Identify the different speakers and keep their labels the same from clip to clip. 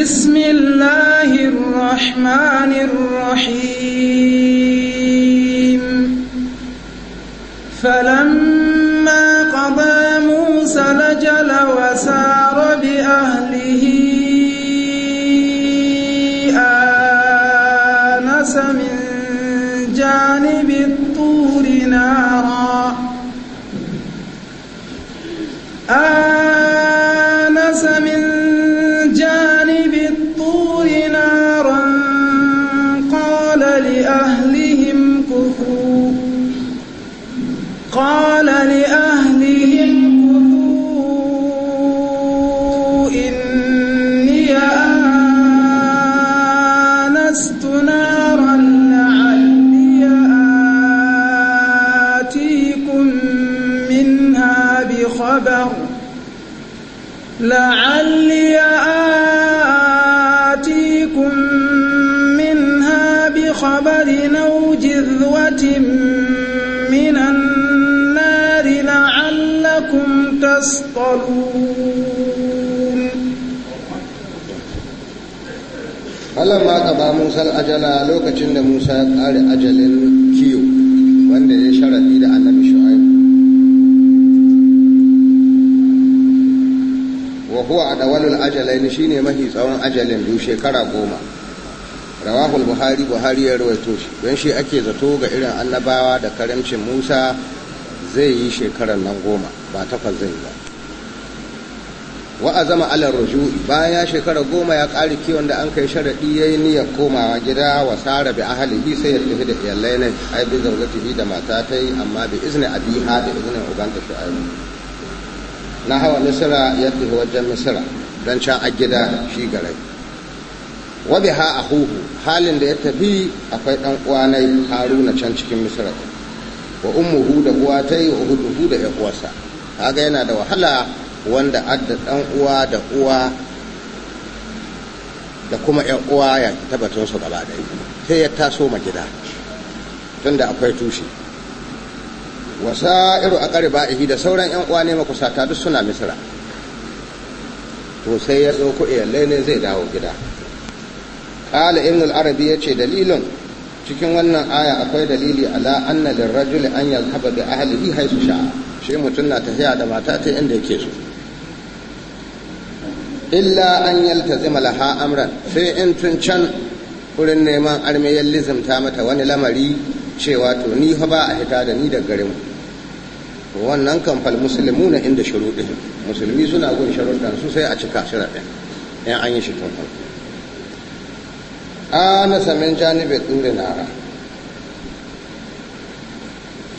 Speaker 1: بسم الله الرحمن الرحيم فلما قضى موسى لجل Allah ma gaba
Speaker 2: Musa ajala lokacin da Musa ya kare ajalin kiyo wanda ya sharaɗi da annabi Shu'aib. Wa huwa a ɗawalul ajalaini shi ne mafi tsawon ajalin biyu shekara goma. Rawahul Buhari Buhari ya rawaito shi, don shi ake zato ga irin annabawa da karamcin Musa zai yi shekarar nan goma ba takwas zai yi ba. wa azama alar ruju'i bayan ya shekara goma ya ƙari kiwon da an kai sharaɗi ya yi niyyar komawa gida wa sara bi ahalihi sai ya tafi da iyalai ne ai bi zaunatihi da mata ta yi amma bi izini abiha da izinin ubanta shu'aibu na hawa misira ya tafi wajen misira don can a gida shi garai wa bi ha ahuhu halin da ya tafi akwai ɗan uwanai haruna can cikin misira wa ummuhu da uwa ta yi wa huduhu da ya uwarsa kaga yana da wahala wanda adda ɗan uwa da uwa da kuma ‘yan uwa ya tabbatar su gaba ɗaya sai ya taso ma gida tunda akwai tushe wasa'iru a ƙariba'ihi da sauran ‘yan uwa ne makusata duk suna misira to sai ya ɗauko iyalai ne zai dawo gida ƙala ibn al-arabi ya ce dalilin cikin wannan aya akwai dalili ala anna lirrajuli an yadhhaba bi ahlihi haythu sha'a shi mutum na tafiya da mata ta inda yake so illa an yalta zima laha amran sai in tun can wurin neman armiyar lizimta mata wani lamari cewa to ni fa ba a hita da ni da garin wannan kamfal musulmi na inda shuruɗin musulmi suna gun sharuɗan su sai a cika shiraɗin in an yi shi tun farko ana samin janibe ɗure nara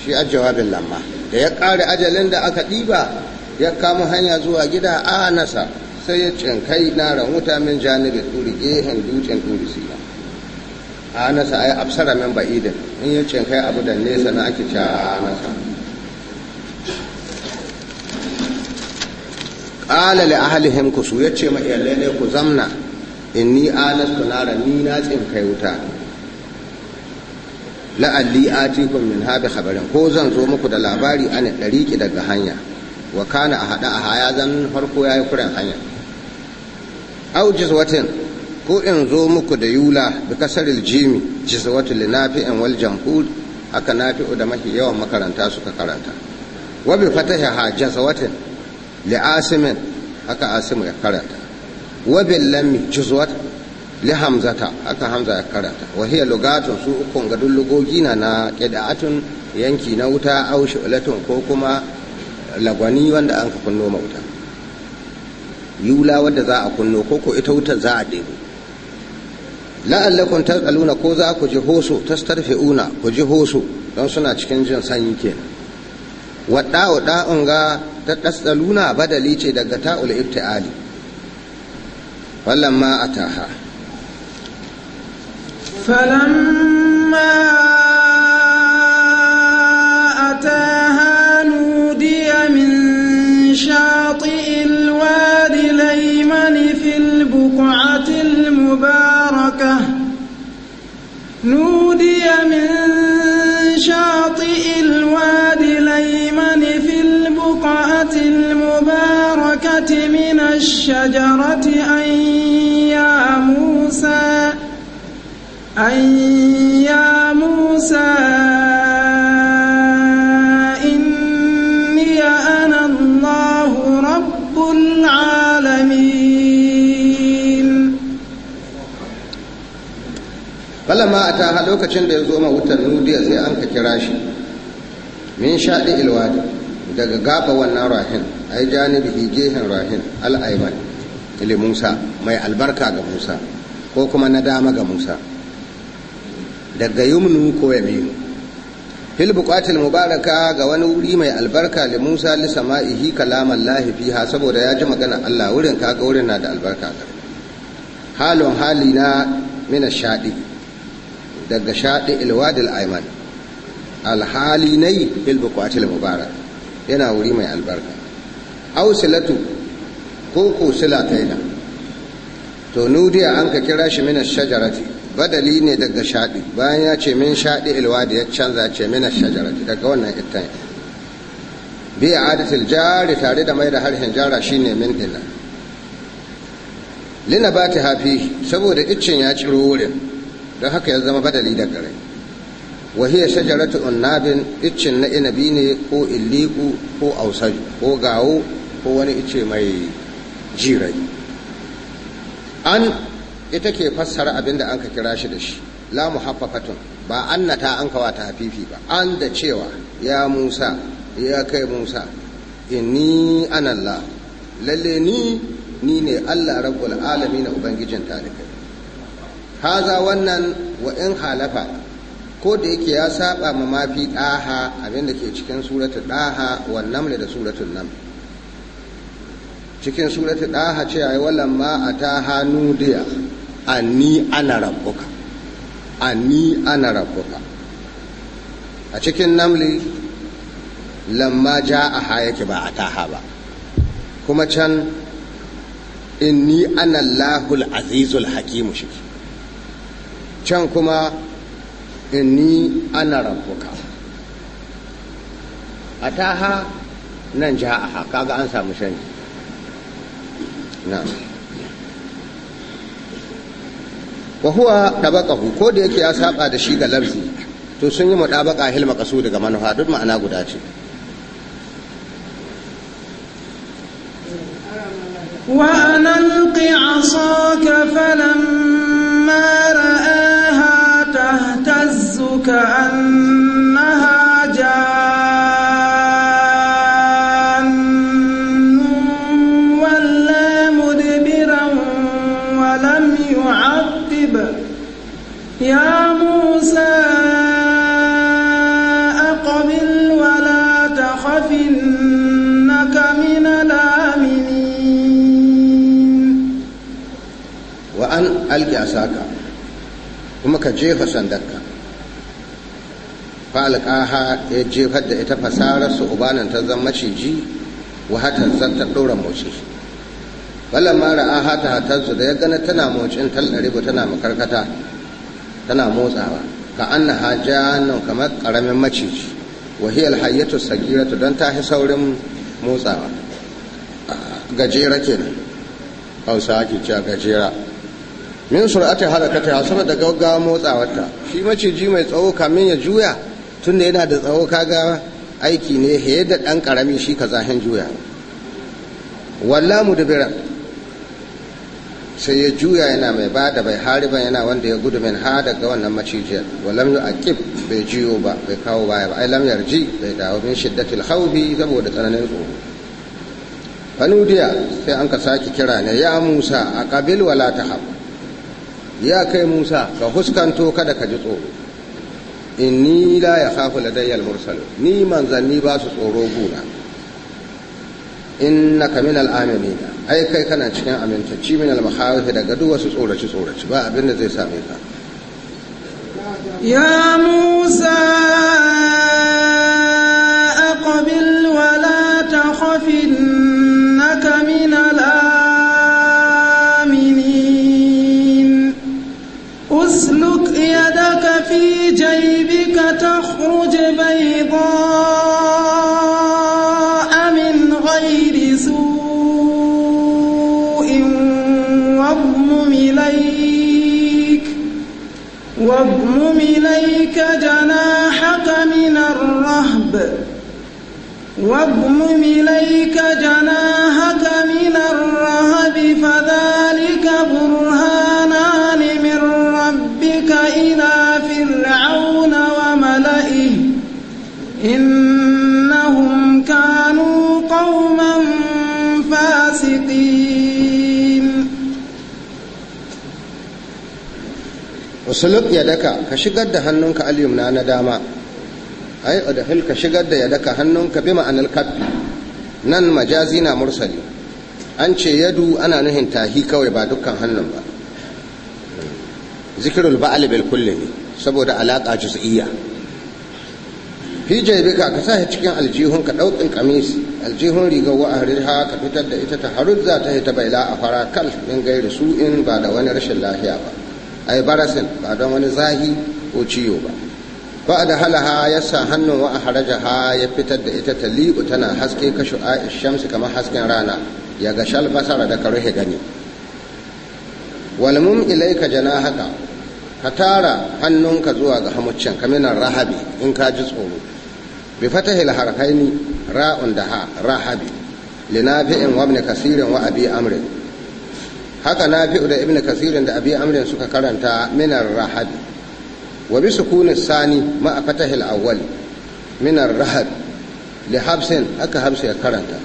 Speaker 2: shi a jawabin lamma da ya ƙare ajalin da aka ɗiba ya kama hanya zuwa gida nasa. sai ya cinkai na wuta min janibi turi gehen dutsen turi sina a nasa ai absara min ba'idin in ya cinkai abu da nesa na ake ci a nasa qala li ahlihim su yace ma iyalai ne ku zamna inni na naran ni na cinkai wuta la'alli atikum min haɓe khabarin ko zan zo muku da labari an dariki daga hanya wa kana a hada a haya zan farko yayi kuren hanya au watan ko in zo muku da yula bi kasaril jimi watan li nafi'in wal jamhur aka nafi'u da mafi yawan makaranta suka karanta wa bi fataha watan li asimin aka asimu ya karanta wa lammi lam jizwat li hamzata aka hamza ya karanta wa hiya lugatun su ukun ga dullugogi na na qida'atun yanki na wuta aushi shu'latun ko kuma lagwani wanda an ka kunno mauta yula wadda za a kunno ko ko ita wutar za a ɗebo la'allakum tas'aluna ko za ku ji hoso tastarfi'una ku ji hoso don suna cikin jin sanyi kenan wadda wadda in ga ta tas'aluna badali ce daga ta'ul ibtiali wallan ma ataha
Speaker 1: falamma
Speaker 2: ta ha lokacin da ya zo ma wutan nudiya sai an ka kira shi min shaɗi ilwadi daga gaba wannan rahin ai janibi gehen rahin al'aiman ili musa mai albarka ga musa ko kuma na dama ga musa daga yumnu ko yaminu fil buqatil mubaraka ga wani wuri mai albarka li musa li sama'ihi kalaman lahifi ha saboda ya ji magana Allah wurin kaga wurin na da albarka ga halon hali na mina shaɗi daga shaɗi ilwadil aiman alhali na yi bilbukwatil mubarak yana wuri mai albarka ausilatu ko ko sila to nudiya an ka kira shi minas shajarati badali ne daga shaɗi bayan ya ce min shaɗi ilwadi ya canza ce minas shajarati daga wannan ittan biya adatil jari tare da mai da harshen jara shine min dinna lina ba ta hafi saboda iccen ya ciro wurin don haka ya zama badali da gare wa hiya shajaratu unnabin iccin na inabi ne ko illiku ko ausaju ko gawo ko wani ice mai jirai an ita ke fassara abin da an ka kira shi da shi la muhaffafatun ba annata an kawa ta hafifi ba an da cewa ya musa ya kai musa inni anallah lalle ni ni ne allah rabbul alamin ubangijin talibai haza wannan wa in halafa ko da yake ya saba ma mafi daha abinda ke cikin suratu daha wannan ne da suratun nam cikin suratu daha ce ai wallan ma hanu nudiya anni ana rabbuka anni ana rabbuka a cikin namli lamma ja a ja'aha yake ba taha ba kuma can inni ana lahul azizul hakimu shi can kuma inni ana rabbuka a taha nan ja'aha kaga an samu shani na wa huwa ko da yake ya saba da shi ga lafzi to sun yi mudabaqa hil ƙasu daga manufa duk ma'ana guda ce
Speaker 1: wa an alqi asaka falamma ra'a كأنها جان ولا مدبرا ولم يعقب يا موسى أقبل ولا تخف إنك من الآمنين
Speaker 2: وأن ألقي عساك وما كجيف سندك falqaha ya jefar da ita fasarar su ubanan ta zama maciji wa hatar ta dora moci falamma ra'aha ta hatar da ya gana tana mocin tallaribu tana makarkata tana motsawa ka anna nan kamar karamin maciji wa hiya alhayyatu sagiratu dan ta saurin motsawa gajera kenan hausa ake cewa gajera min sur'ati harakati hasaba da gaggawa motsawarta shi maciji mai tsawo kamin ya juya tunda yana da tsawo kaga aiki ne he da ɗan ƙarami shi ka zahen juya walla mudbira sai ya juya yana mai ba da bai ba yana wanda ya gudu min ha daga wannan macijiyar walam yu aqib bai jiyo ba bai kawo baya ba ai lam ji bai dawo min shiddatil khawfi saboda tsananin tsoro fanudiya sai an ka sake kira ne ya Musa a kabil wala tahab ya kai Musa ka huskanto kada ka ji tsoro inni la ya khafu ladayyal mursal ni manzanni ba su tsoro guna innaka minal aminina ai kai kana cikin amintacci minal makhawif daga duk wasu tsoraci tsoraci ba abin da zai same ka
Speaker 1: ya musa واضمم إليك جناحك من الرهب فذلك برهانان من ربك إلى فرعون وملئه إنهم كانوا قوما فاسقين
Speaker 2: وسلك يدك كشقد هنونك اليمنى ندامًا ai adkhil ka shigar da yadaka ka bi ma'anar kaffi nan majazi na mursali an ce yadu ana nuhin tahi kawai ba dukkan hannun ba zikirul ba'al bil kulli ne saboda alaka juz'iyya fi jaybika ka sa cikin aljihun ka daukin kamis aljihun riga wa ahrirha ka fitar da ita ta za ta ta baila a fara kal In gairi in ba da wani rashin lafiya ba ai barasin ba don wani zahi ko ciwo ba ba da halaha ya sa hannun wa harajaha ya fitar da ita tali'u tana haske kashu a shamsi kamar hasken rana ya ga shal basara da ka rufe gani walmum ilaika haka ka tara hannunka zuwa ga hamuccin kaminan rahabi in ka ji tsoro bi fatahil harkaini ra'un da ha rahabi linafi'in wa ibn kasirin wa abi amrin haka nafi'u da ibn kasirin da abi amrin suka karanta minar rahabi wa bi sukunin sani ma a fatahil awwal min ar-rahab li habsin aka habsu ya karanta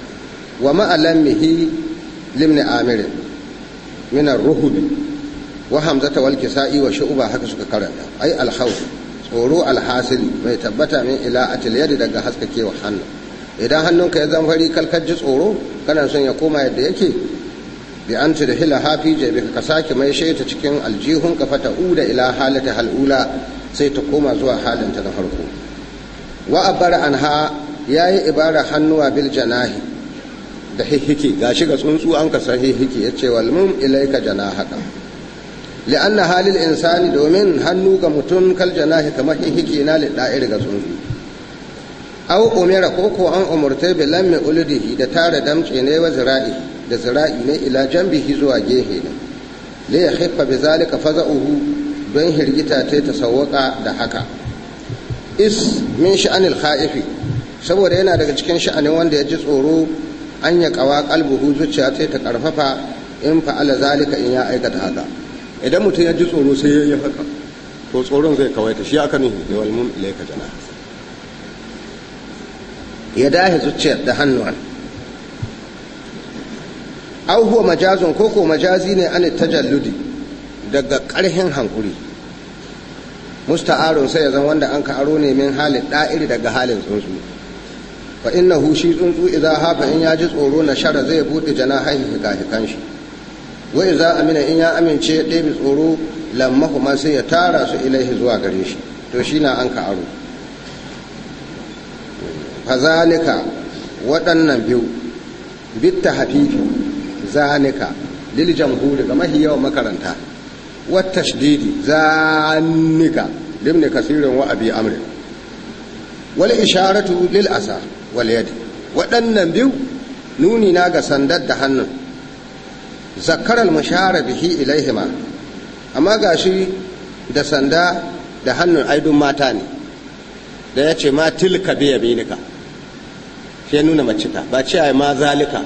Speaker 2: wa ma alamihi limni amir min ar-ruhub wa hamzata wal kisa'i wa shu'ba haka suka karanta ai al-khawf tsoro alhasil mai tabbata min ila atil yadi daga haskakewa hannu idan hannunka ya zama fari ji tsoro kana son ya koma yadda yake bi an tudhila hafi jabika ka sake mai shaita cikin aljihun ka fata uda ila halata halula sai ta koma zuwa halinta na farko wa abbar anha yayi ibara hannuwa bil janahi da hihiki gashi ga tsuntsu an ka san hihiki yace wal mum ilaika janahaka li'anna halil insani domin hannu ga mutum kal janahi kamar hihiki na lida'ir ga tsuntsu aw umira ko ko an umurta bi lamme ulidihi da tare damce ne wa zira'i da zira'i ne ila jambihi zuwa gehe ne le ya haifa bi zalika faza'uhu don hirgita ta ta sawwaka da haka is min sha'anil khaifi saboda yana daga cikin sha'anin wanda ya ji tsoro an ya kawa kalbuhu zuciya ta ta karfafa in fa'ala zalika in ya aikata haka idan mutum ya ji tsoro sai ya yi haka to tsoron zai kawaita shi aka nuhi da walmun ilaika jana ya dahe zuciyar da hannuwan aw huwa majazun ko ko majazi ne an tajalludi daga karhin hankuri musta'arun sai ya zan wanda an ka aro ne min halin da'iri daga halin tsuntsu fa hu shi tsuntsu idza hafa in ya ji tsoro na shara zai bude janahihi hikahikan shi wa idza amina in ya amince ya ɗebe tsoro lamma kuma sai ya tara su ilaihi zuwa gare shi to shi na an ka aro zalika waɗannan biyu bitta hafifi zanika lil jamhuri ga mahi yawan makaranta wa tashdidi zanika limni kasirin wa abi amrin wal isharatu lil asa wal yadi waɗannan biyu nuni na ga sandar da hannun al mushara bihi ilaihima amma gashi da sanda da hannun aidun mata ne da ya ce ma tilka biya minika sai nuna mace ta ba ce ai ma zalika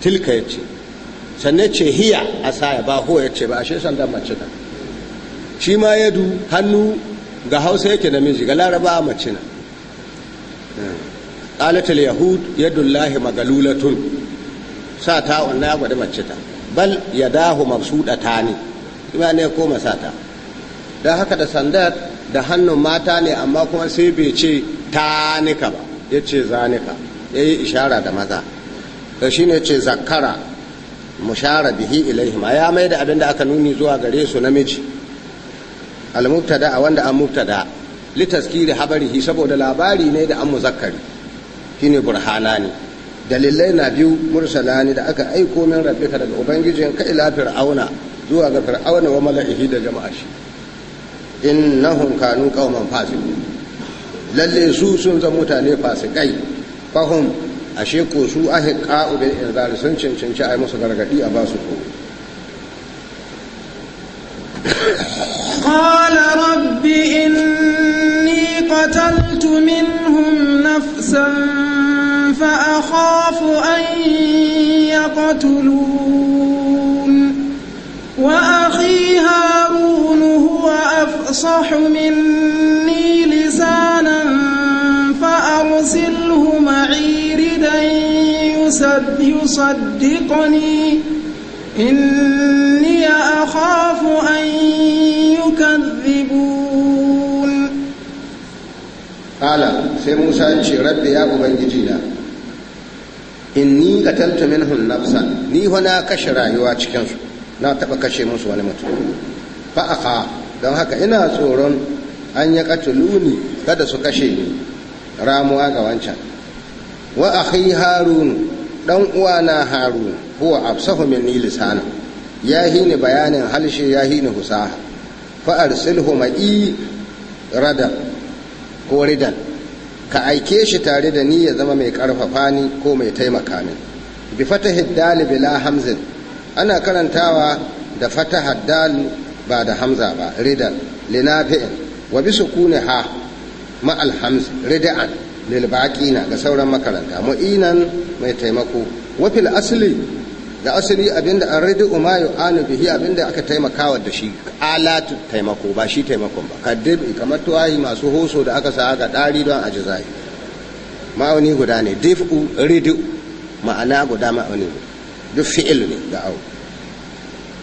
Speaker 2: tilka ya ce sannan ce hiya a saya ba ho ya ce ba shesan dan mace na shi ma yadu hannu ga hausa yake namiji ga laraba mace na eh. qalatul yahud dullahi magalulatun sa ta wannan ya gwada mace ta bal ɗata ne ima ne ko masata don haka da sandar da hannun mata ne amma kuma sai bai ce ta nika ba ya ce zanika ya yi ishara da maza da shi ne ce zakara mushara bihi ilaihim ya mai da abin da aka nuni zuwa gare su namiji al-mubtada wanda an mubtada li tazkiri habarihi saboda labari ne da an muzakkari shine burhanani dalilai na biyu mursalani da aka aiko min rabbika daga ubangijin ka ila fir'auna zuwa ga fir'auna wa mala'ihi da jama'a shi innahum kanu qauman fasiqin lalle su sun zama mutane fasikai fahum ashe ko su ahiqa bil inzar sun cancanci ai masu gargadi a basu ko
Speaker 1: kala rabbi inni qataltu minhum nafsan fa akhafu an yaqtulun wa akhi harun huwa afsahu minni يصدقني إني أخاف أن يكذبون
Speaker 2: قال سي موسى رب يا أبنجينا inni qataltu minhum nafsan ni wana kashe rayuwa cikin su na taɓa kashe musu wani mutum fa aka don haka ina tsoron an ya katuluni kada su kashe ni ramuwa ga wancan wa akhi harun dan uwana harun huwa afsahu minni lisana ya hini bayanin halshe ya hini husaha fa arsilhu ma'i rada ko ridan ka aike shi tare da ni ya zama mai karfafa ni ko mai taimaka min bi fatahid dal bila hamzin ana karantawa da fataha dal ba da hamza ba ridan linafi wa bi sukuni ha ma al hamz ridan lilbaƙina ga sauran makaranta mu'inan mai taimako wafil asali da asali abinda an rida umayu anu bihi abinda aka taimakawa da shi alatu taimako ba shi taimakon ba kadib kamar tuwayi masu hoso da aka sa ga ɗari don a ajizai ma'auni guda ne dif'u ridu ma'ana guda ma'auni duk fi'il ne da au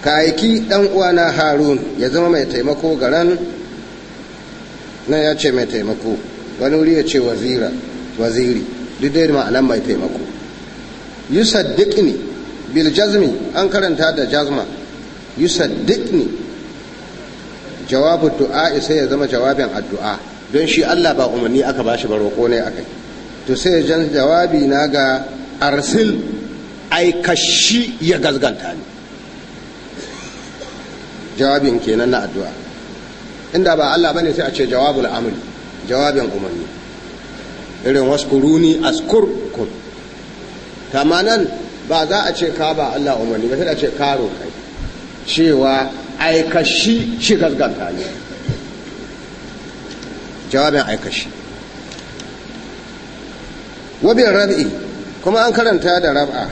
Speaker 2: kayaki dan uwana harun ya zama mai taimako garan nan ya ce mai taimako wani wuri ya ce wazira waziri duk dai ma'anan mai taimako yusaddiqni bil jazmi an karanta da jazma yusaddiqni jawabu du'a sai ya zama jawabin addu'a don shi Allah ba umarni aka bashi ba roƙo ne akai to sai ya jan jawabi na ga arsil aikashi ya gazganta ni jawabin kenan na addu'a inda ba Allah bane sai a ce jawabul amri jawabin umarni irin waskuruni askurkum kama nan ba za a ce ka ba Allah umarni ba sai a ce karo kai cewa aikashi shi gasganta ne jawabin aikashi wabin rab'i kuma an karanta da rab'a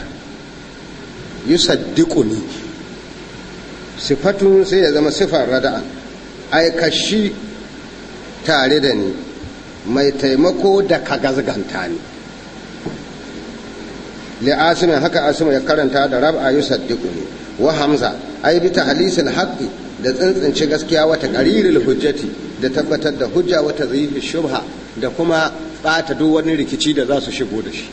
Speaker 2: ne, sifatun sai ya zama sifar rada aikashi tare da ni mai taimako da ka gazganta ni li haka asimin ya karanta da rab'a yusaddiqu ni wa hamza ai bi tahlisil haqqi da tsintsince gaskiya wata qariril hujjati da tabbatar da hujja wata zayyifi shubha da kuma bata duk wani rikici da za su shigo da shi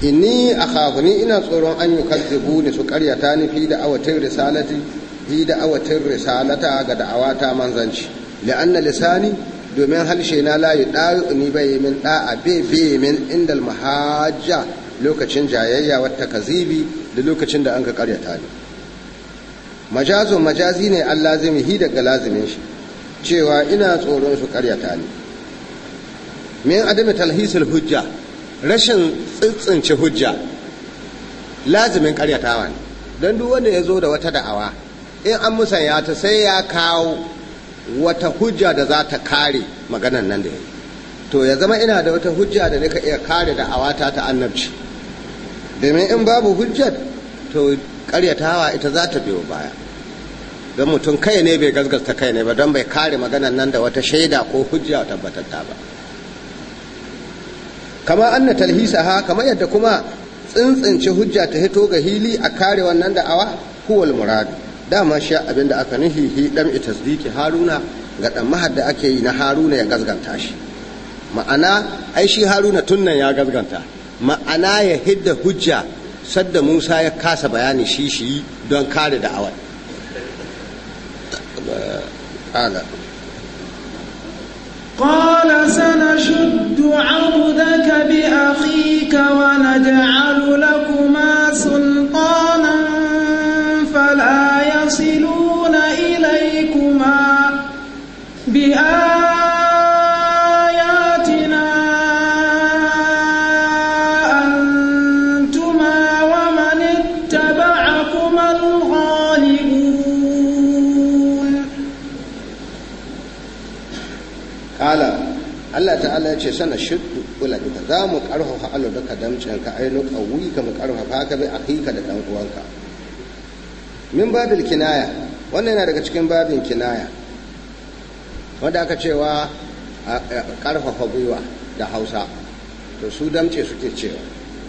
Speaker 2: inni akhafu ni ina tsoron an yukazzibu ni su karyata ni fi da awatin risalati fi da awatin risalata ga da'awata manzanci li'anna lisani domin harshe na la yudayu ni bai min da'a bai bai min indal mahajja lokacin jayayya wata kazibi da lokacin da an ka karyata ni majazo majazi ne an zai hi daga lazimin shi cewa ina tsoron su karyata ni min adami talhisul hujja rashin tsintsince hujja lazimin karyatawa ne don duk wanda ya zo da wata da'awa in an musanya sai ya kawo wata hujja da za ta kare maganan nan da yi to ya zama ina da wata hujja da nika iya kare da awata ta annabci domin in babu hujjar to hawa ita za ta biyo baya don mutum kai ne bai gasgasta kai ne ba don bai kare maganan nan da wata shaida ko hujja tabbatatta ba kama anna talhisa ha kama yadda kuma tsintsince hujja ta hito ga hili a kare wannan awa, huwal muradu dama shi abin da aka nufi hi dam tasdiki haruna ga dan mahad da ake yi na haruna ya gazganta shi ma'ana ai shi haruna tunnan ya gazganta ma'ana ya hidda hujja sadda musa ya kasa bayani shi shi don kare da'awar قال
Speaker 1: قال سنشد عضدك بأخيك ونجعل لكما سلطانا
Speaker 2: ce sana shiddu ula duka za mu karfafa alu duka damcin ka ainu kawuyi ka mu karfafa ka bi akika da dan uwanka min babil kinaya wannan yana daga cikin babin kinaya wanda aka cewa karfafa gwiwa da Hausa to su damce suke cewa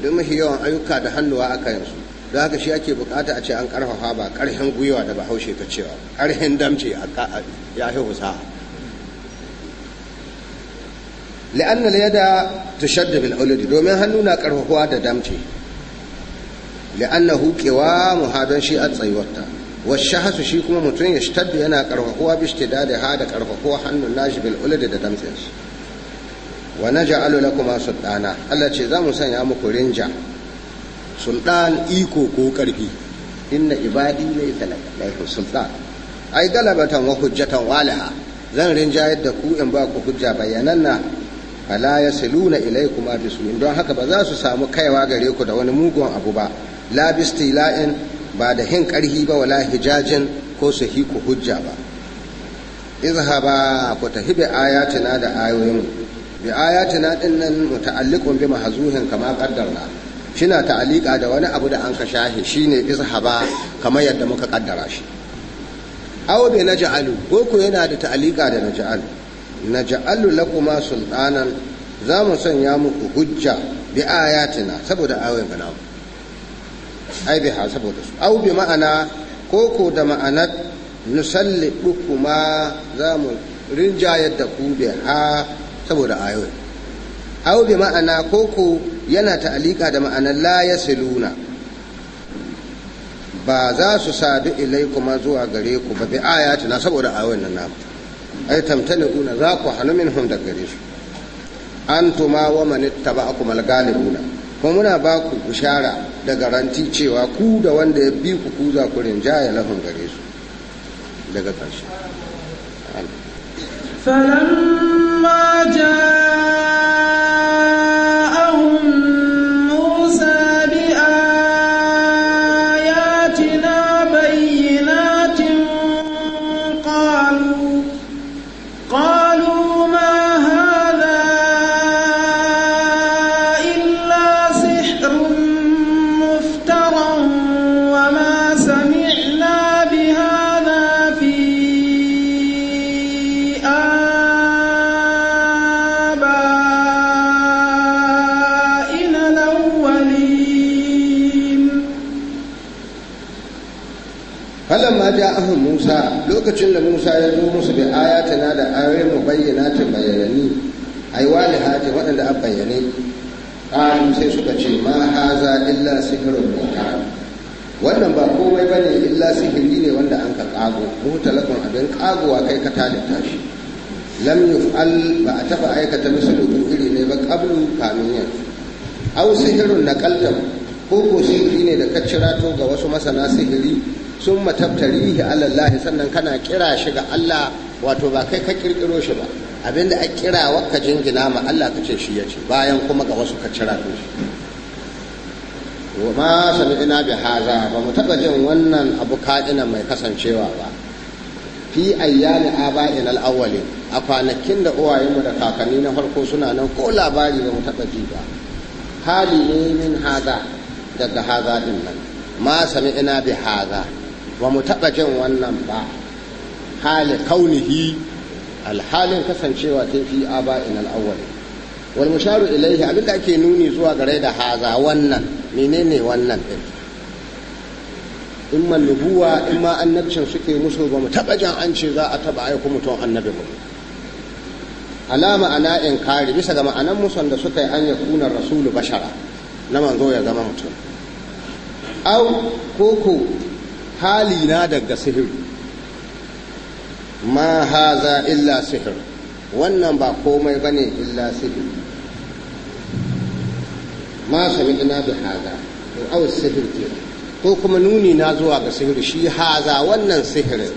Speaker 2: don mafi yawan ayyuka da hannuwa aka yanzu don haka shi ake bukata a ce an karfafa ba karhin gwiwa da bahaushe ta cewa karhin damce ya hausa. la'annal yada tushadda bil uludi domin hannu na karfafuwa da damce la'annahu qiwamu hadan shi a tsayuwarta washahasu shi kuma mutum ya shtadda yana karfafuwa bi da ha da karfafuwa hannun nashi bil uludi da damcin shi wa naj'alu kuma sultana Allah ce za mu sanya muku rinja sultan iko ko karfi inna ibadi laysa lahu sultan ai galabatan wa hujjatan walaha zan rinja yadda ku in ba ku hujja na? fala ilai kuma bisu, don haka ba za su samu kaiwa gare ku da wani mugun abu ba la bistila'in ba da hin karhi ba wala hijajin ko su ku hujja ba izhaba ku tahibi ayatina da ayoyin bi ayatina din nan muta'alliqun bi mahzuhin kama qaddarna shina ta'alliqa da wani abu da an ka shahi shine izhaba kamar yadda muka kaddara shi aw bi naj'alu ko ku yana da ta'alliqa da naj'alu na ja'allu lakuma sultanan za mu sanya muku hujja bi ayatina saboda ayoyin ga namu, ai biha saboda su au bi ma'ana koko da ma'anar nusalli kuma za mu rinjayar da ku bi ha saboda ayoyin au bi ma'ana koko yana ta'alika da ma'anar la yasiluna ba za su sadu ilai kuma zuwa gare ku ba bi ayatina saboda ayoyin nan namu ai una za ku hannu min da gare su antuma wa man ittaba'akum al-ghalibuna kuma muna ba ku bishara da garanti cewa ku da wanda ya bi ku kuza za ku rinjaya lahum gare su daga ƙarshe
Speaker 1: فلما جاء
Speaker 2: falan ma ja ahu musa lokacin da musa ya zo musu bi na da ayoyi mu bayyana ta bayanani ai wali haji waɗanda an bayyane ƙalu sai suka ce ma haza illa sihirin muta wannan ba komai ba illa sihiri ne wanda an ka kago ƙago mutalakun abin kagowa kai ka tada tashi. lam yuf'al ba a taba aikata musu rubin iri ne ba qablu kamin au na ƙaltam ko ko sihiri ne da ka cira ga wasu masana sihiri sun matabtarihi alallahi sannan kana kira shi ga Allah wato ba kai ka kirkiro shi ba abinda a kira waka jingina ma Allah ka ce shi ya ce bayan kuma ga wasu ka cira to shi ma sami'ina bi haza ba mu taba jin wannan abu ka'ina mai kasancewa ba fi ayyani aba'in al-awwalin a kwanakin da uwayenmu da kakanni na farko suna nan ko labari ba mu taba ji ba hali ne min haza daga haza din nan ma sami'ina bi haza ba mu taɓa jin wannan ba hali kaunihi alhalin kasancewa ta fi aba in al'awwal wal musharu ilaihi abinda ake nuni zuwa gare da haza wannan menene wannan din imma nubuwa imma annabcin suke musu ba mu taɓa jin an ce za a taɓa aiko mutum annabi ba ala ma'ana kari bisa ga ma'anan musan da suka yi an kunar rasulu bashara na manzo ya zama mutum au koko halina daga sihiri ma haza illa sihir wannan ba komai bane illa sihir ma sami ina bi haza au sihir ke ko kuma nuni na zuwa ga sihir shi haza wannan sihirin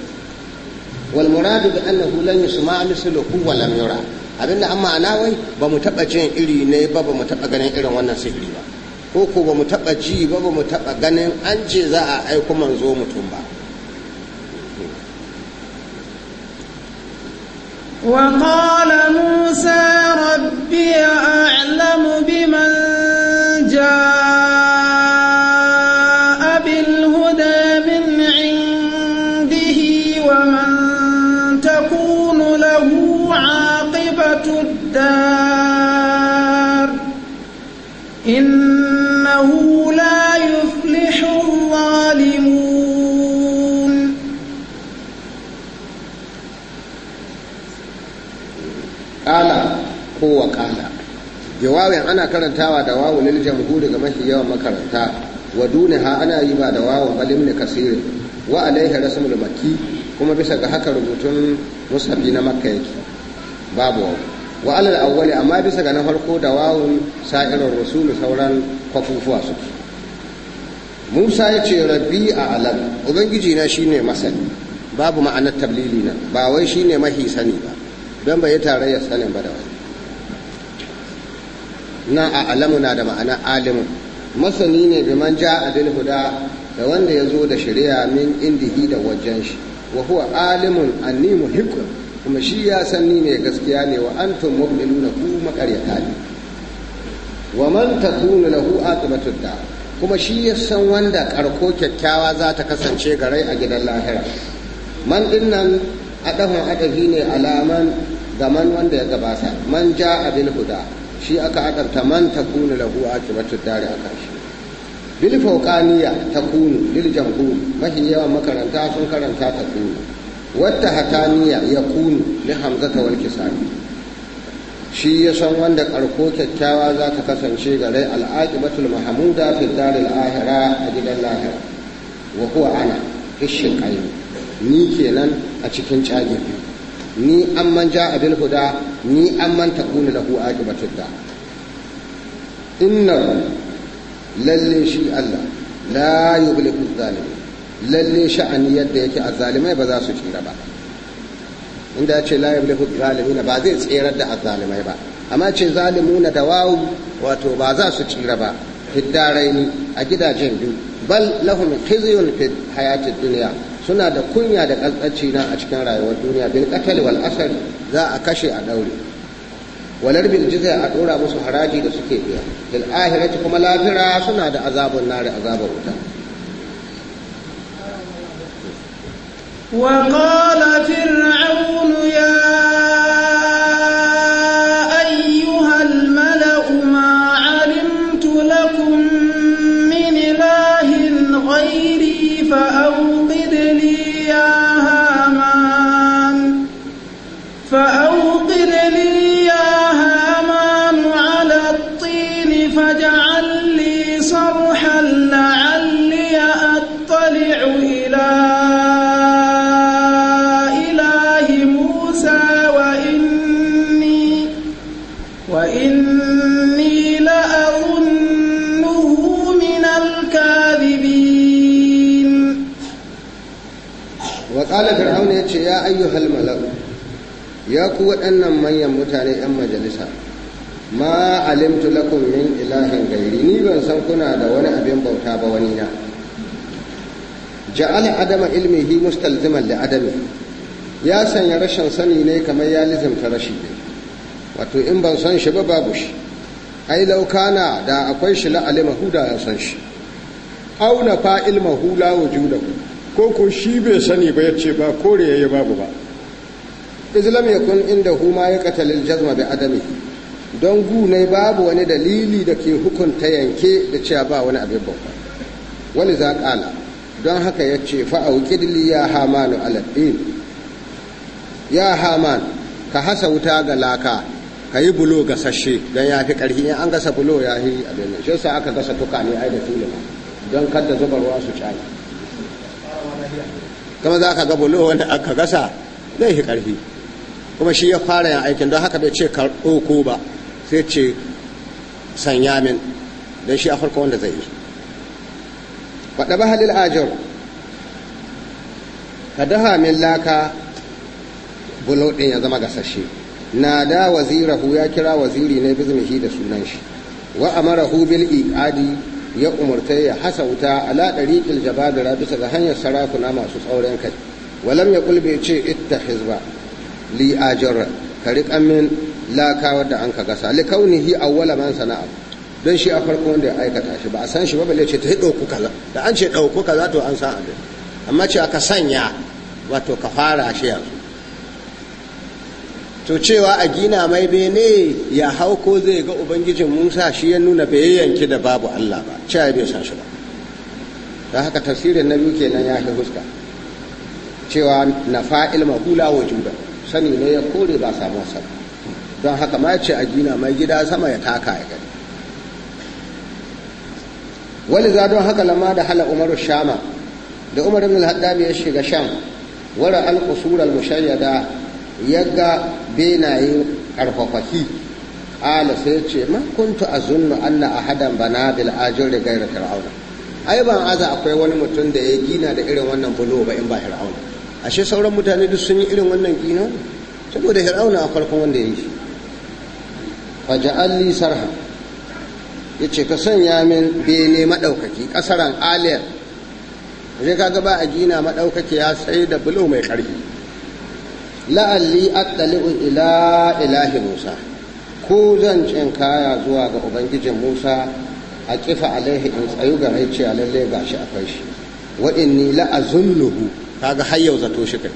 Speaker 2: wal muradu bi annahu lan yusma misluhu wa lam yura abinda amma ana wai ba mu taba jin iri ne ba ba mu taba ganin irin wannan sihiri ba ko ko ba mu taɓa ji ba ba mu taɓa ganin an ce za a aiko manzo mutum ba
Speaker 1: qala musa rabbi a'lamu biman
Speaker 2: jawabin ana karantawa da wawu lil jamhuri ga mafi yawan makaranta wa duniha ana yi ba da wawu balim ne kasiri wa alaihi makki kuma bisa ga haka rubutun musafi na makka yake babu wawu wa alal awwali amma bisa ga na farko da wawun sa'irar rasul sauran kwafufuwa su Musa ya ce rabbi a alam ubangiji na shine masani babu ma'anar tablili na ba wai shine mahi sani ba don bai tarayya sanin ba da wani na'a alamu na da ma'ana alimu masani ne bi man ja'a bil huda da wanda ya zo da shari'a min indihi da wajen shi wa huwa alimun anni muhiqqun kuma shi ya san ni ne gaskiya ne wa antum mu'minuna ku makaryata ne wa man takunu lahu aqibatud da kuma shi ya san wanda karko kyakkyawa za ta kasance garai a gidan lahira man dinnan adahun adahi ne alaman ga wanda ya gabata man ja'a bil huda shi aka adanta man ta takunu lahu akibatu dare aka shi bil ta takunu lil jamhur mafi yawan makaranta sun karanta ta takunu wata hataniya na hamza ta wal sami. shi ya san wanda karko kyakkyawa za ta kasance ga rai al'aƙi al'aqibatul mahmuda fi daril ahira a gidan lahira wa huwa ana fi shiqayn ni kenan a cikin cagin biyu ni an man ja bil huda ni an man ta takunu lahu aqibatud da inna lalle shi Allah la yubliku zalim lalle sha'ani yadda yake azzalimai ba za su tsira ba inda ya ce la yubliku zalimin ba zai tsirar da azzalimai ba amma ce zalimuna da wawu wato ba za su tsira ba ni a gidajen biyu bal lahum khizyun fi hayatid dunya suna da kunya da kaltsaci na a cikin rayuwar duniya bil qatl wal asari za a kashe a ɗaure. walar bil jizya a ɗora musu haraji da suke biya lil ahirati kuma lafira suna da azabun nari azabar wuta
Speaker 1: وقال فرعون يا
Speaker 2: ce ya ayyuhal malak ya ku waɗannan manyan mutane 'yan majalisa ma alimtu lakum min ilahin gairi ni ban san kuna da wani abin bauta ba wani na ja'ala adama ilmihi mustalziman li adami ya sanya rashin sani ne kamar ya lizimta rashi wato in ban san shi ba babu shi ai laukana da akwai shi la'alimahu da ya san shi auna fa'il mahu la wujudahu ko ko shi bai sani ba ya ce ba kore yi babu ba islam ya kun inda huma ya katalil jazma bi adami don gunai babu wani dalili da ke hukunta yanke da cewa ba wani abin babba wani za ƙala don haka ya ce fa'a wukidili ya hamanu alaɗin ya haman ka hasa wuta ga laka ka yi bulo ga sashe don ya fi ƙarfi in an gasa bulo ya yi abin shi sa aka gasa tukane ai da filin don kada zubarwa su cani kuma za ka ga bulo wanda aka gasa zai yi karfi kuma shi ya fara yin aikin don haka bai ce karɓo ko ba sai ce sanya min don shi a farko wanda zai yi faɗa ba halil ajiyar ka daha min laka bulo ɗin ya zama gasashe na da wazirahu ya kira waziri na bizmihi da sunan shi wa amarahu bil iqadi ya umarta ya hasa wuta ala ɗariƙil da bisa ga hanyar sarakuna masu tsaurin kai walam ya kulbe ce ita hizba li ajirra ka riƙa min laka da an ka gasa li hi awwala man sana'a don shi a farko wanda ya aikata shi ba a san shi ba balle ce ta ɗauku kaza da an ce ɗauku kaza to an san abin amma ce aka sanya wato ka fara shi yanzu to cewa a gina mai bene ya hau ko zai ga ubangijin musa shi ya nuna bai yanki da babu allah ba cewa bai san shi ba don haka tasirin na biyu kenan ya fi huska cewa na fa'il mahula juda sani ne ya kore ba samu sa don haka ma ce a gina mai gida sama ya taka ya gani wani za don haka lama da hala umaru shama da umar ibn haddami ya shiga sham wara al-qusur al-mushayyada yaga benayen karfafahi ƙala sai ce ma kuntu azunnu anna ahadan bana bil ajri ghayra fir'auna ai ban aza akwai wani mutum da ya gina da irin wannan bulo ba in ba fir'auna ashe sauran mutane duk sun yi irin wannan gina saboda fir'auna a farkon wanda ya yi faja'alli sarha ya ce ka sanya min bene maɗaukaki ƙasaran aliyar zai kaga ba a gina maɗaukaki ya sai da bulo mai ƙarfi la'alli attali'u ila ilahi musa ko zan kaya zuwa ga ubangijin musa a kifa alaihi in tsayu ga rai ce lalle gashi akwai shi wa la'azunnuhu kaga har yau zato shi kai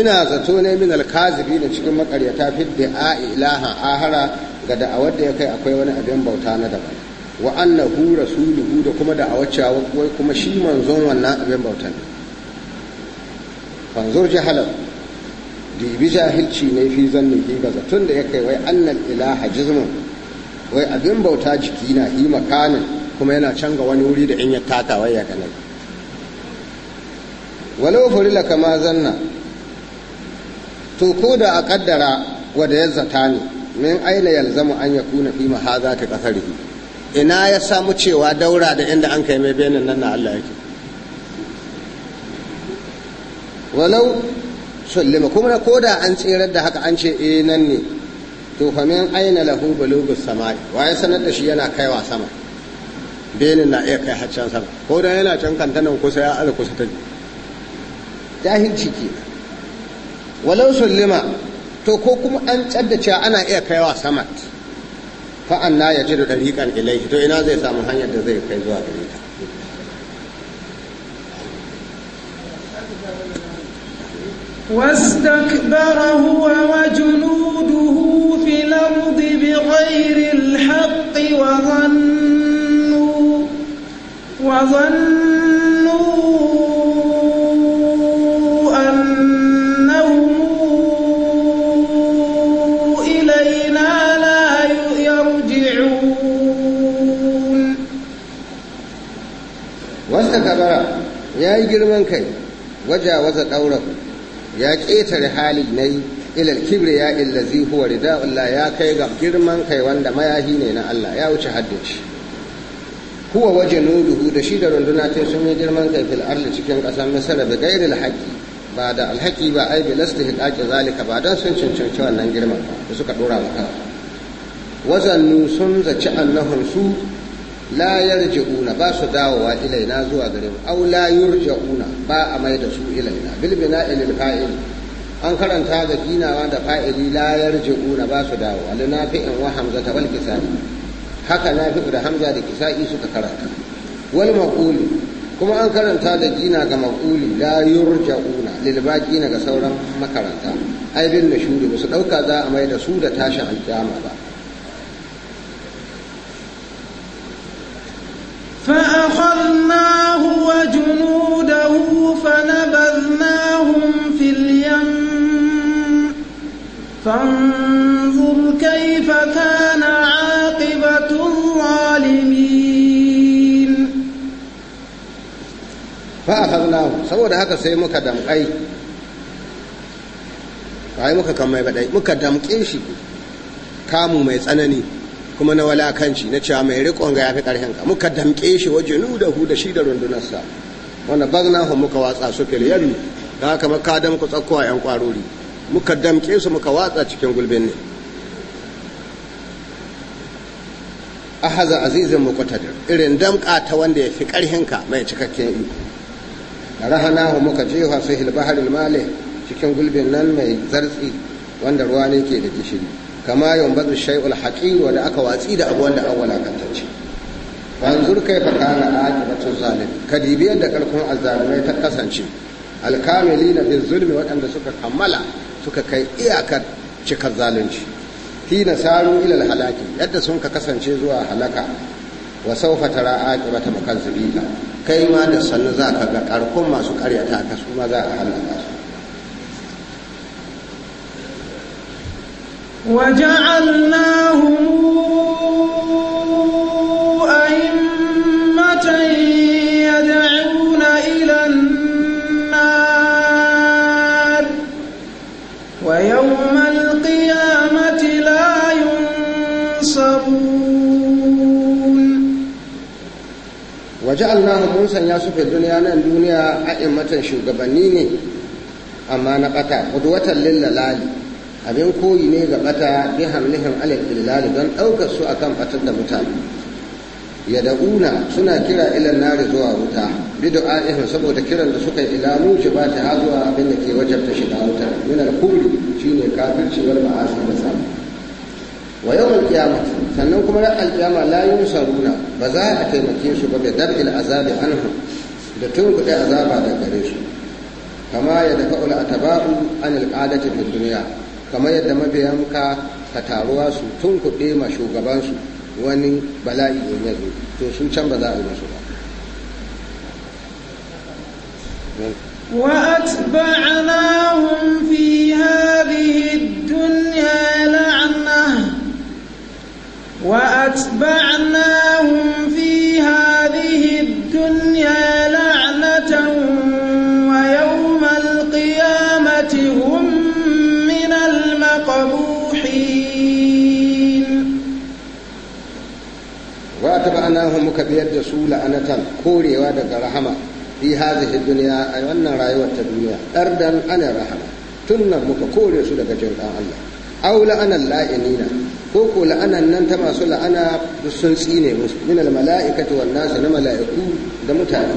Speaker 2: ina zato ne min alkazibi da cikin makaryata fi a ilaha ahara ga da'awar da ya kai akwai wani abin bauta na daban wa annahu rasuluhu da kuma da'awar cewa kuma shi manzon wannan abin bautan fanzur jahalar dibi jahilci ne fi zannin fi ga zaton da ya kai wai annal ilaha jizmun wai abin bauta jiki na yi makanin kuma yana can wani wuri da in ya taka wai ya kanai walau laka kama zanna to ko da a kaddara wada ya zata ne min aina yalzamu an ya kuna fi mahaza ta kasari ina ya samu cewa daura da inda an kai mai benin nan na Allah yake walau sullima kuma ko da an tserar da haka an ce eh nan ne to fa min aina lahu balugus samai waye sanar da shi yana kaiwa sama benin na iya kai haccan sama ko da yana can kanta nan kusa ya ala kusa ta jahilci ke walau sullima to ko kuma an cewa ana iya kaiwa sama fa'anna ya ji da ɗariƙan ilaihi to ina zai samu hanyar da zai kai zuwa gare ta
Speaker 1: واستكبر هو وجنوده في الأرض بغير الحق وظنوا وظنوا أنهم إلينا لا يرجعون
Speaker 2: واستكبر يا جرمان كي وجاوز قوله ya ƙetare hali na yi ilal kibri ya illazi huwa rida'ullah ya kai ga girman kai wanda mayahi ne na Allah ya wuce haddin shi huwa waje nuduhu da shi da runduna ta sun yi girman kai fil arli cikin ƙasar misar da gairil haqqi ba da alhaki ba ai bi hi hiqaqi zalika ba dan sun cancanci wannan girman da suka ɗora wa kansu wazannu sun zaci annahum su la yarji'una ba su dawowa ilaina zuwa gare mu aw la yurja'una ba a mai da su ilaina bil bina'i fa'il an karanta da ginawa da fa'ili la yarji'una ba su dawowa lil nafi'in wa ta wal kisai haka nafi da hamza da kisai suka karanta wal maquli kuma an karanta da gina ga maquli la yurja'una lil baqina ga sauran makaranta ai bil nushuri su dauka za a mai da su da tashin alkiyama ba
Speaker 1: فانظر كيف كان عاقبة الظالمين
Speaker 2: فأخذناه سوى هكا سي مكا دمقاي ai muka kan mai badai muka kamu mai tsanani kuma na walakanci na cewa mai riƙon ga yafi ƙarfin ka muka damke shi waje nu da hu da shi da rundunarsa wanda bagna muka watsa su fil yari da haka maka ku tsakkowa yan kwarori muka damke su muka watsa cikin gulbin ne a haza azizin muqtadir irin damka ta wanda ya fi ƙarhinka mai cikakken iko da rahanahu muka jefa su Hilbahar ilmale cikin gulbin nan mai zartsi wanda ruwa ne ke da gishiri kama yawan bazu shai'ul haƙi wanda aka watsi da abu wanda an walakantacce wanzur kai fa kana batun zalim kadibiyar da karkon azzalumai ta kasance Alkamili na bin zulmi waɗanda suka kammala suka kai iyakar cikar zalunci hina saru ilal halaki yadda sun ka kasance zuwa halaka wa saufa tara aqibata mukazzibina kai ma da sannu za ka ga karkon masu karyata ka su ma za a halaka su
Speaker 1: allahu.
Speaker 2: ja'alnahu mun sanya su fi duniya nan duniya imatan shugabanni ne amma na bata qudwatan lil lalali abin koyi ne ga bata bi hamlihim alal dilal don daukar su akan batar da mutane da'una suna kira ilan nari zuwa wuta bi du'a'ihim saboda kiran da suka yi ila muji ba ta zuwa abin da ke wajabta shiga wuta min al-kubri shine kafirci wal ma'asi da samu wa yawmal qiyamati sannan kuma ran alqiyama la yunsaruna ba za a taimake su ba da dar'il azabi anhum da tun tungude azaba da gare su kama ya dafa ul ataba'u an alqadati fid dunya kama yadda mabiyan ka taruwa su tun tunkuɗe ma shugabansu wani bala'i in yanzu, to sun can ba za a yi masu ba
Speaker 1: وأتبعناهم في وأتبعناهم في هذه الدنيا لعنة ويوم القيامة هم من المقبوحين
Speaker 2: وأتبعناهم كبير سوء لعنة كوري ودك رحمة fi hazihi duniya wannan rayuwar ta duniya ɗardan ana rahama tunnan muka kore su daga jin ɗan Allah aula ko ko la'anan nan ta masu la'ana sun tsine musu min al mala'ikati wan nas na mala'iku da mutane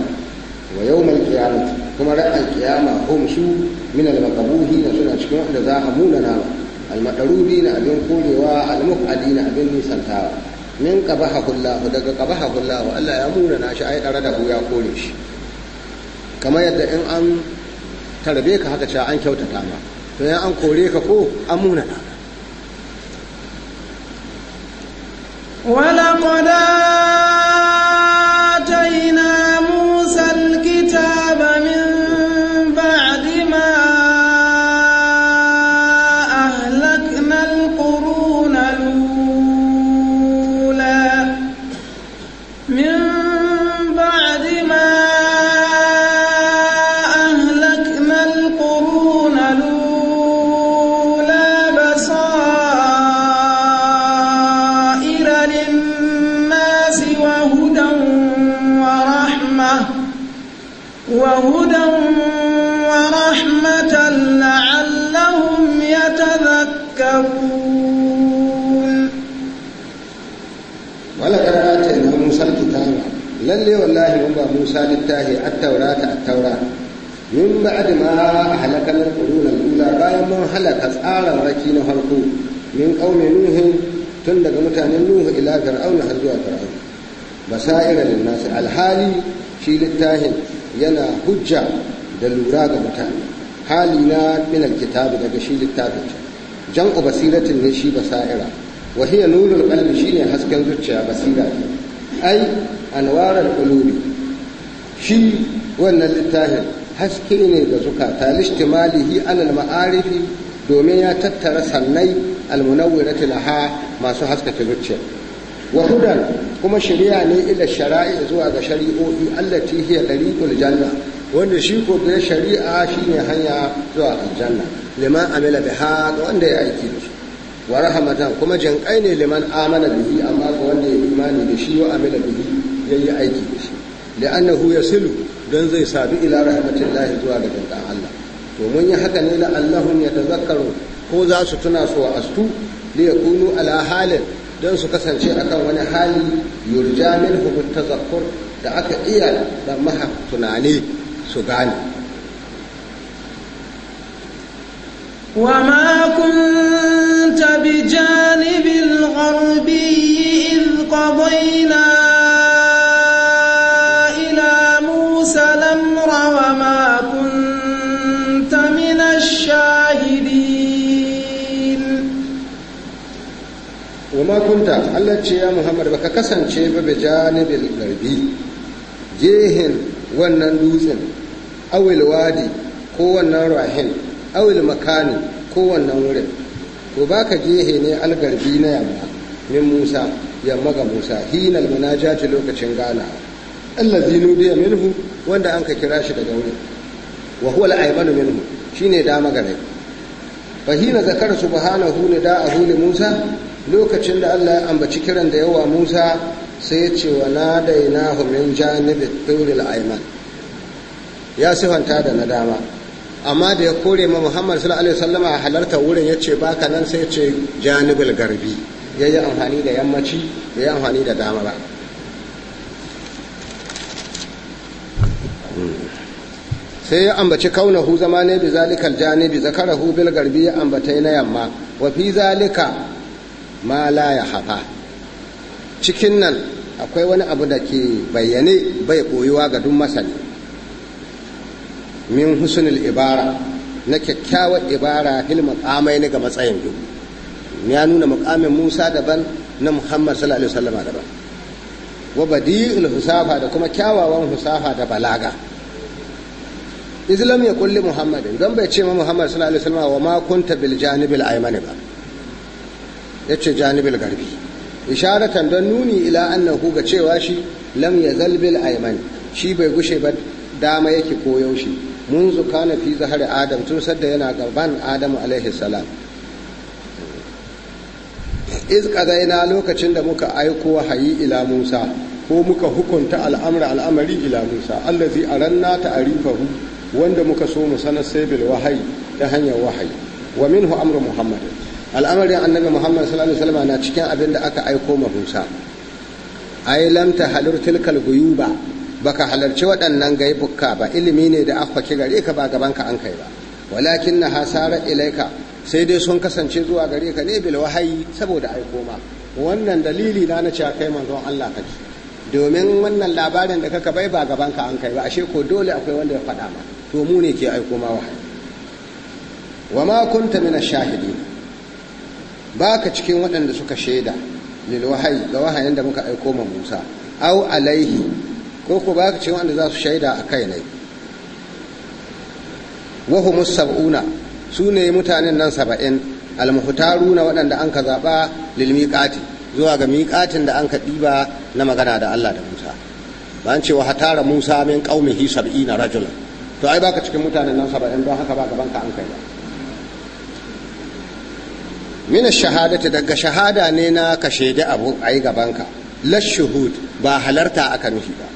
Speaker 2: wa yawmal qiyamati kuma ran al qiyama hum shu min al maqbuhi na suna cikin wanda za a muna nama al madarubi na abin korewa al muqadi na abin nisantawa min qabaha kullahu daga qabaha kullahu Allah ya muna na shi ai dare da ya kore shi kamar yadda in an tarbe ka haka cewa an kyautata ma to ya an kore ka ko an muna na ولقد lalle wallahi mun ba Musa littafi at ta at-taura min ba'd ma ahlaka qurun al-ula bayan mun halaka tsaran raki na farko min qaumi nuh tun daga mutanen nuh ila fir'auna har zuwa fir'aun basaira lin-nas al-hali shi littahin yana hujja da lura ga mutane hali na min al-kitab daga shi littafin jan'u basiratin ne shi basaira wa hiya nurul qalbi shine hasken zuciya basira ai anwarar qulubi shi wannan littafin haske ne ga zukata lishtimalihi alal ma'arifi domin ya tattara sannai almunawwirati laha masu haskace zuciya wa hudan kuma shari'a ne ila shara'i zuwa ga shari'o'i allati hiya dariqul janna wanda shi ko da shari'a shine hanya zuwa aljanna liman amila biha wanda ya aiki da shi wa rahmatan kuma jinkai ne liman amana bihi amma ga wanda ya imani da shi wa amila bihi ya yi aiki da shi li'annahu silu don zai sadu ila lahi zuwa da dangan Allah to mun yi haka ne ta yatazakkaru ko za su tuna su astu li yakunu ala halin don su kasance akan wani hali yurja ta tazakkur da aka iya da maha tunani su gane
Speaker 1: وما كنت بجانب الغربي إذ قضينا
Speaker 2: Allah ce ya Muhammad baka kasance ba bi janibil garbi gehen wannan dutsen awil wadi ko wannan rahin awil makani ko wannan wurin to baka jehe ne algarbi na yamma min Musa yamma ga Musa hinal munajati lokacin gana allazi nudiya minhu wanda an ka kira shi daga wurin wa huwa al minhu shine dama gare fahina zakara subhanahu da li Musa lokacin da Allah ya ambaci kiran da yawa Musa sai ya ce wa na daina min janibi turil aiman ya sifanta da na dama amma da ya kore ma Muhammad sallallahu alaihi wasallama a halarta wurin ya ce baka nan sai ce janibil garbi ya yi amfani da yammaci ya yi amfani da dama ba sai ya ambaci kaunahu zama ne bi zalikal janibi zakarahu bil garbi ya ambatai na yamma wa fi zalika ma la ya hafa cikin nan akwai wani abu da ke bayyane bai koyuwa ga dun masani min husnul ibara na kyakkyawar ibara fil amai ne ga matsayin duk ya nuna mukamin Musa daban na Muhammad sallallahu alaihi wasallam daban wa badi'ul husafa da kuma kyawawan husafa da balaga islam ya kulli Muhammadu don bai ce ma muhammad sallallahu alaihi wasallam wa ma kunta bil janibil aymani ba yace janibil garbi isharatan don nuni ila annahu ga cewa shi lam ya zalbil aiman shi bai gushe ba dama yake koyaushe munzu kana fi zahar adam tun sadda yana gaban adam alaihi salam iz na lokacin da muka aiko hayi ila musa ko muka hukunta al'amra al'amari ila musa allazi aranna arifahu wanda muka so mu sanar sai bil wahayi ta hanyar wahayi wa minhu amru muhammadin al'amarin annabi muhammad sallallahu alaihi wasallam na cikin abin da aka aiko ma musa ai lam tahalur tilkal guyuba baka halarci waɗannan gaibuka ba ilimi ne da aka ki gare ka ba gaban ka an kai ba walakin na hasara ilaika sai dai sun kasance zuwa gare ka ne bil wahayi saboda aiko ma wannan dalili na na cewa kai manzon Allah ka ji domin wannan labarin da kaka bai ba gaban ka an kai ba ashe ko dole akwai wanda ya faɗa ma to mu ne ke aiko ma wahayi wa ma kunta min ash-shahidin baka cikin waɗanda suka shaida lil wahayi ga wahayin da muka aiko ma Musa au alaihi ko ko baka cikin waɗanda za su shaida a kai ne wahumus sab'una su ne mutanen nan saba'in na waɗanda an ka zaɓa lil zuwa ga miƙatin da an ka ɗiba na magana da Allah da Musa ba an ce wa hatara Musa min qaumihi sab'ina rajulan to ai baka cikin mutanen nan saba'in don haka ba gaban ka an kai ba mina shahadati daga shahada ne na ka shaidi abu a yi gabanka shuhud ba halarta aka nufi ba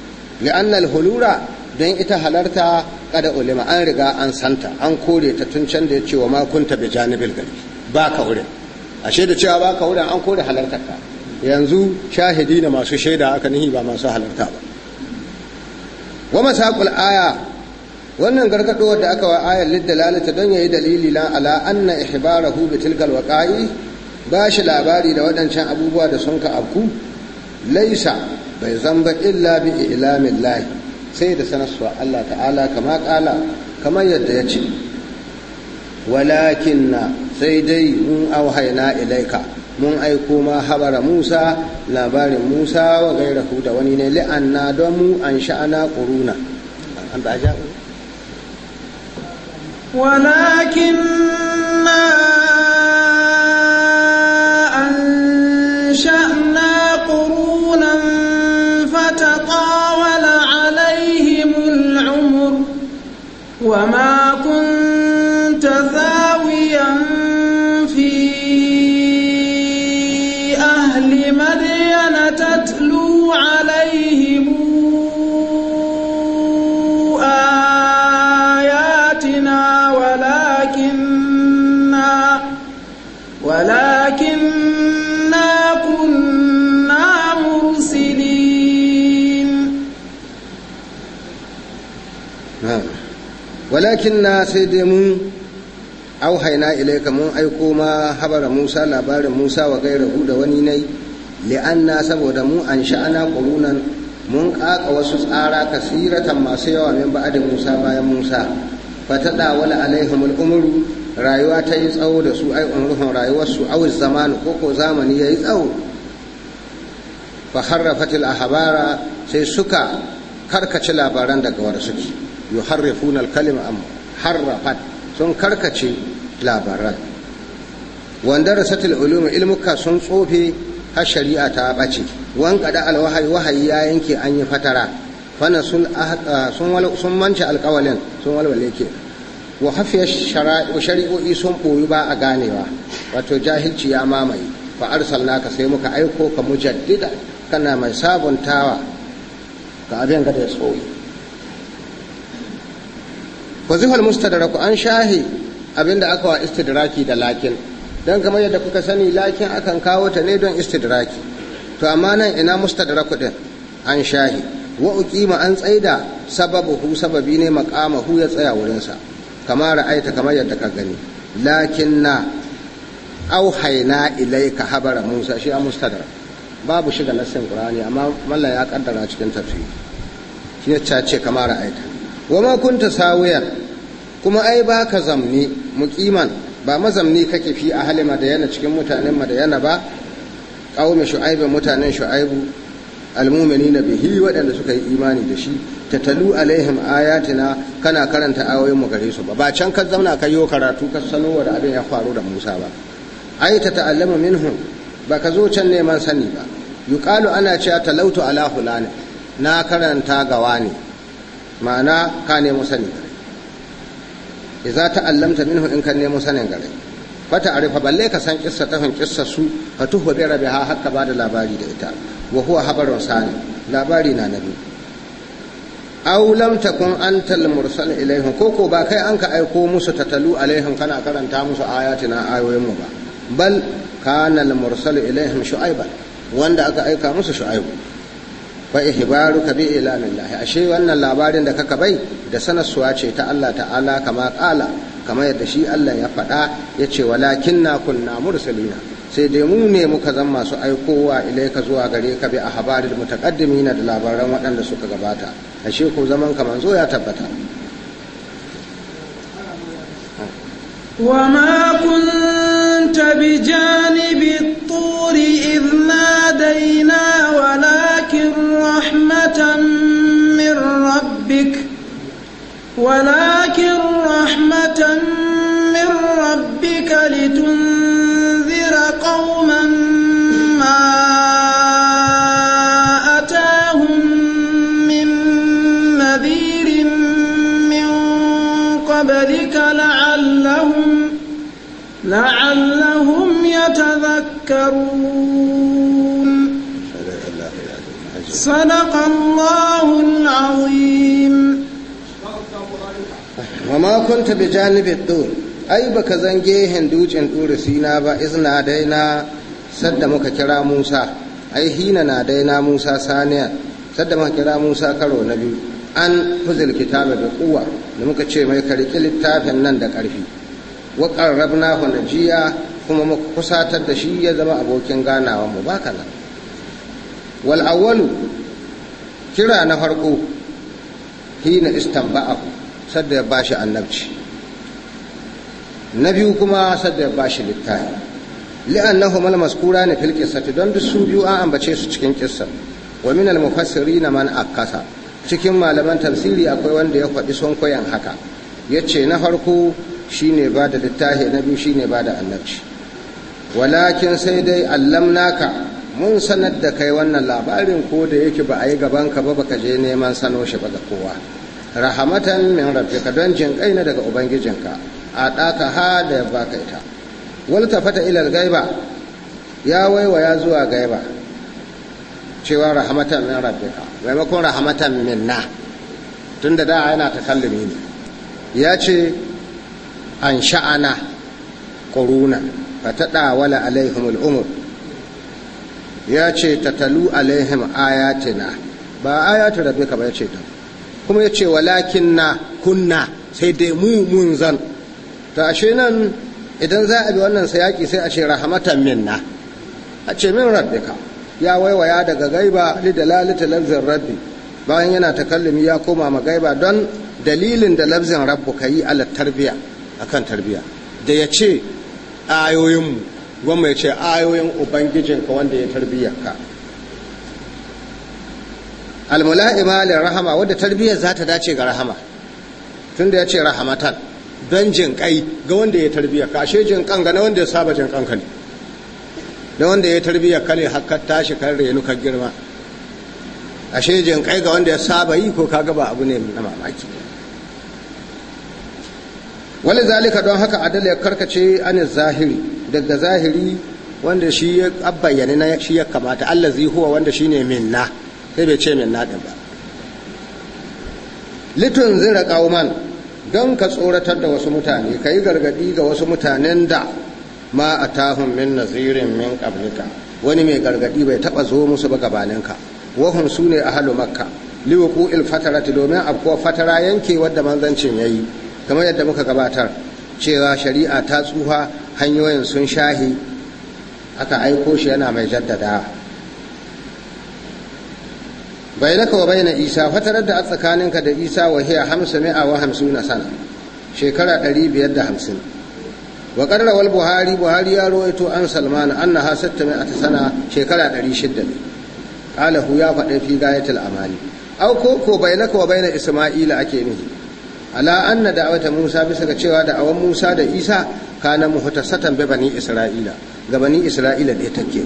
Speaker 2: li'annal hulura don ita halarta kada ulima an riga an santa an kore ta tun can da ya ce wa ma kunta bi janibil gari ba ka wurin ashe da cewa ba ka wurin an kore halarta ka yanzu shahidi na masu shaida aka nuhi ba masu halarta ba wa masaqul aya wannan gargadowar da aka wa ayar Lalata don ya yi dalili la ala anna ihbarahu bi tilgal waqa'i ba shi labari da waɗancan abubuwa da sun ka abku laisa bai zamba illa bi ilamin lahi sai da sanarwa Allah ta'ala kama kala kamar yadda ya ce walakin na sai dai mun auhaina ilaika mun aiko ma habara musa labarin musa wa gairahu da wani ne li'anna don mu an sha'ana ƙuruna an
Speaker 1: ولكن ما أنشأنا قرونا فتطاول عليهم العمر وما
Speaker 2: walakin na sai dai mun auhaina ilaika mun aiko ma habara musa labarin musa wa gaira da wani nai li'anna saboda mu an sha'ana qurunan mun ƙaƙa wasu tsara kasiratan masu yawa min ba'adin musa bayan musa fatada wal alaihim umru rayuwa ta yi tsawo da su ai umruhum rayuwar su awis zamani ko ko zamani ya yi tsawo fa harrafatil ahbara sai suka karkace labaran daga wasu suke yuharrifuna al-kalima am harrafat sun karkace labaran wanda rasatul ulum ilmuka sun tsofe har shari'a ta bace wan kada alwahayi wahayi ya yanke an yi fatara fana sun sun sun manci alkawalin sun walwale ke wa hafiya shari'o'i sun boyu ba a ganewa wato jahilci ya mamaye fa arsalnaka sai muka aiko ka mujaddida kana mai sabuntawa ga abin ga da ya tsoyi mustadara ku an shahi abinda aka wa istidraki da lakin don kamar yadda kuka sani lakin akan kawo ta ne don istidraki to amma nan ina ku din an shahi wa uqima an tsaida hu sababi ne hu ya tsaya wurinsa kamar ra'aita kamar yadda ka gani lakin na auhaina ilaika habara musa shi a mustadara babu shiga nasin qur'ani amma mallan ya kaddara cikin tafsiri shi ya ce kamar ra'aita wa ma kunta sawiyan kuma ai ba ka zamni muqiman ba mazamni kake fi a halima da yana cikin mutanen madayana ba qaumi shu'aib mutanen shu'aibu almu'minina bihi waɗanda suka yi imani da shi tatalu alaihim ayatina kana karanta ayoyin mu gare su ba ba can ka zauna ka yi karatu ka sano da abin ya faru da Musa ba ai ta ta'allama minhum ba ka zo can neman sani ba yuqalu ana cewa talautu ala fulani na karanta gawa ne ma'ana ka nemo sani ta allamta minhu in kan nemo sanin gare fata arifa balle ka san kissa tafin kissa su ka tuhu bi rabiha hakka ba da labari da ita wa huwa habarun sani labari na nabi aw lam takun antal mursal ilaihim ko ko ba kai an ka aiko musu tatalu alaihim kana karanta musu ayatina ayoyin mu ba bal kana al mursal ilaihim shu'aiban wanda aka aika musu shu'aibu fa ka bi ilalillah ashe wannan labarin da kaka bai da sanarsuwa ce ta Allah ta'ala kama kala kama yadda shi Allah ya faɗa ya ce walakin na kunna mursalina sai dai mu ne muka zan masu aikowa ilaika zuwa gare ka bi a habarin mutaqaddimina da labaran waɗanda suka gabata ashe ko zaman ka manzo ya tabbata
Speaker 1: وما كنت بجانب الطور إذ نادينا ولكن رحمة من ربك لتنذر قوما ما أتاهم من نذير من قبلك لعلهم لعلهم يتذكرون
Speaker 2: صدق الله العظيم wa ma kunta bi janibid dur ai baka zan gehen dutsen sina ba izna daina sadda muka kira Musa ai hina na daina Musa saniya sadda muka kira Musa karo na biyu an fuzil kitaba da kuwa da muka ce mai karki littafin nan da karfi wa qarrabna najiya kuma muka kusatar da shi ya zama abokin ganawa mu baka nan wal awwalu kira na farko hina istanba'ahu sadda ya bashi annabci na biyu kuma sadda ya bashi littafi li'annahu mal maskura ne fil qissati don duk su biyu an ambace su cikin kisa wa min al mufassirin man akasa cikin malaman tafsiri akwai wanda ya faɗi son koyan haka Ya ce na farko ne ba da littafi na biyu shine ba da annabci walakin sai dai naka mun sanar da kai wannan labarin ko da yake ba a yi gabanka ba baka je neman sano shi ba ga kowa rahamatan min rabbika don jin kai na daga ubangijinka a daka ha da ba ka ita walta fata ilal gaiba ya ya zuwa gaiba cewa rahamatan min rabbika maimakon rahamatan minna Tunda da da yana takallumi ne ya ce an sha'ana ƙuruna ta ɗawala alaihim al'umur ya ce ta talu alaihim ayatina ba ayatu rabbika ba ya ce ta kuma ya ce walakin na kunna sai dai mu mun zan ta ashe nan idan za a bi wannan sayaki sai a ce rahamatan minna a ce min rabbika ya waiwaya daga gaiba lidalalita lafzin rabbi bayan yana takallumi ya koma ma gaiba don dalilin da lafzin rabbu ka yi ala tarbiya akan tarbiya da ya ce ayoyinmu gwamma ya ce ayoyin ubangijinka wanda ya ka? almula'ima lil rahama wadda tarbiyyar za ta dace ga rahama tunda ya ce rahamatan don jin kai ga wanda ya tarbiyyar ka ashe jin kan ga na wanda ya saba jin kanka ne da wanda ya tarbiyyar ka ne hakkar tashi kan renu ka girma ashe jin kai ga wanda ya saba yi ko kaga ba abu ne na mamaki wani zalika don haka adal ya karkace an zahiri daga zahiri wanda shi ya bayyana na shi ya kamata allazi huwa wanda shine minna sai bai ce min naɗin ba litin zira ƙauman don ka tsoratar da wasu mutane ka yi gargaɗi ga wasu mutanen da ma a tahun min nazirin min ƙablika wani mai gargaɗi bai taɓa zo musu ba gabaninka wahun su ne a halu makka liwuku il fatarati domin afkuwa fatara yanke wadda manzancin ya yi kamar yadda muka gabatar cewa shari'a ta tsuha hanyoyin sun shahi aka aiko shi yana mai jaddada bainaka wa baina isa fatarar da a tsakaninka da isa wa hiya hamsa mi'a wa hamsuna sana shekara ɗari biyar da hamsin wa ƙarrawar buhari buhari ya rawaito an salmana an na hasatta mai ta sana shekara ɗari shidda ne ƙalahu ya faɗin fi gayatul amani au ko ko bainaka wa baina isma'ila ake nufi ala anna da'awata musa bisa ga cewa da'awan musa da isa kana muhtasatan bi bani isra'ila ga bani isra'ila da take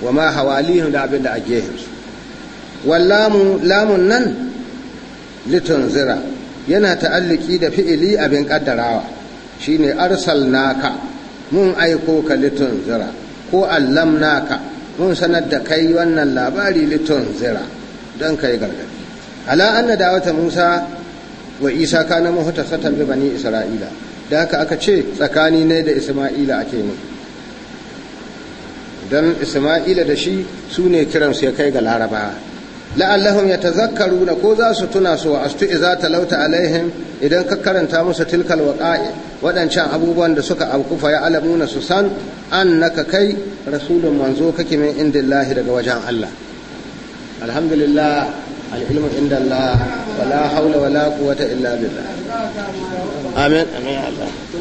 Speaker 2: wa ma hawalihim da abin da a gehensu wallamun lamun nan litunzira yana ta'alliki da fi'ili abin kaddarawa shine arsalnaka mun aiko ka litunzira ko allamnaka mun sanar da kai wannan labari litunzira don kai gargadi ala anna dawata musa wa isa kana satan bi bani isra'ila da haka aka ce tsakani ne da isma'ila ake ne don isma'ila da shi su ne kiransu ya kai ga larabawa la'allahum yatazakkaruna ko za su tuna su wa astu iza talauta alaihim idan ka karanta musu tilkal waqa'i wadancan abubuwan da suka aukufa faya alamuna su san annaka kai rasulun manzo kake min indillahi daga wajen Allah alhamdulillah alilmu inda Allah wala haula wala quwwata illa billah amin amin Allah